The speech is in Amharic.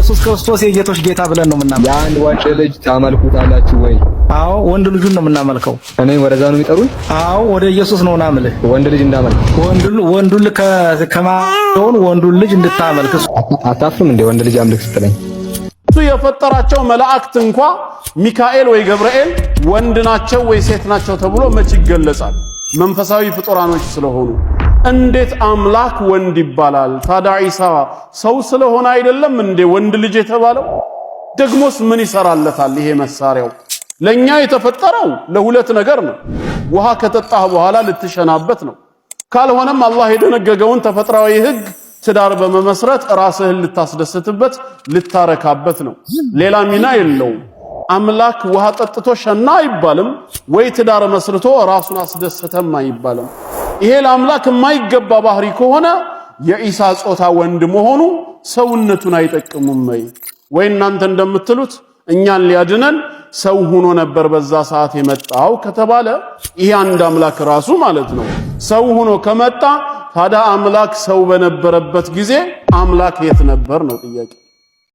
ኢየሱስ ክርስቶስ የጌቶች ጌታ ብለን ነው የምናመልከው። የአንድ ዋጭ ልጅ ታመልኩታላችሁ ወይ? አዎ፣ ወንድ ልጁን ነው የምናመልከው። እኔ ወደዛ ነው የሚጠሩኝ? አዎ፣ ወደ ኢየሱስ ነው ናምልህ። ወንድ ልጅ እንዳመልክ ወንድ ወንዱ ከማሆን ወንዱን ልጅ እንድታመልክ። አታፍም እንዴ? ወንድ ልጅ አምልክ ስትለኝ የፈጠራቸው መላእክት እንኳ ሚካኤል ወይ ገብርኤል ወንድ ናቸው ወይ ሴት ናቸው ተብሎ መች ይገለጻል? መንፈሳዊ ፍጡራኖች ስለሆኑ እንዴት አምላክ ወንድ ይባላል? ታዲያ ዒሳ ሰው ስለሆነ አይደለም እንዴ ወንድ ልጅ የተባለው? ደግሞስ ምን ይሰራለታል ይሄ መሳሪያው? ለኛ የተፈጠረው ለሁለት ነገር ነው። ውሃ ከጠጣህ በኋላ ልትሸናበት ነው። ካልሆነም አላህ የደነገገውን ተፈጥሯዊ ሕግ ትዳር በመመስረት ራስህን ልታስደስትበት ልታረካበት ነው። ሌላ ሚና የለውም። አምላክ ውሃ ጠጥቶ ሸና አይባልም ወይ ትዳር መስርቶ ራሱን አስደስተም አይባልም። ይሄ ለአምላክ የማይገባ ባህሪ ከሆነ የኢሳ ጾታ ወንድ መሆኑ ሰውነቱን አይጠቅሙም ወይ እናንተ እንደምትሉት እኛን ሊያድነን ሰው ሆኖ ነበር በዛ ሰዓት የመጣው ከተባለ ይሄ አንድ አምላክ ራሱ ማለት ነው። ሰው ሆኖ ከመጣ ታዲያ አምላክ ሰው በነበረበት ጊዜ አምላክ የት ነበር ነው ጥያቄ።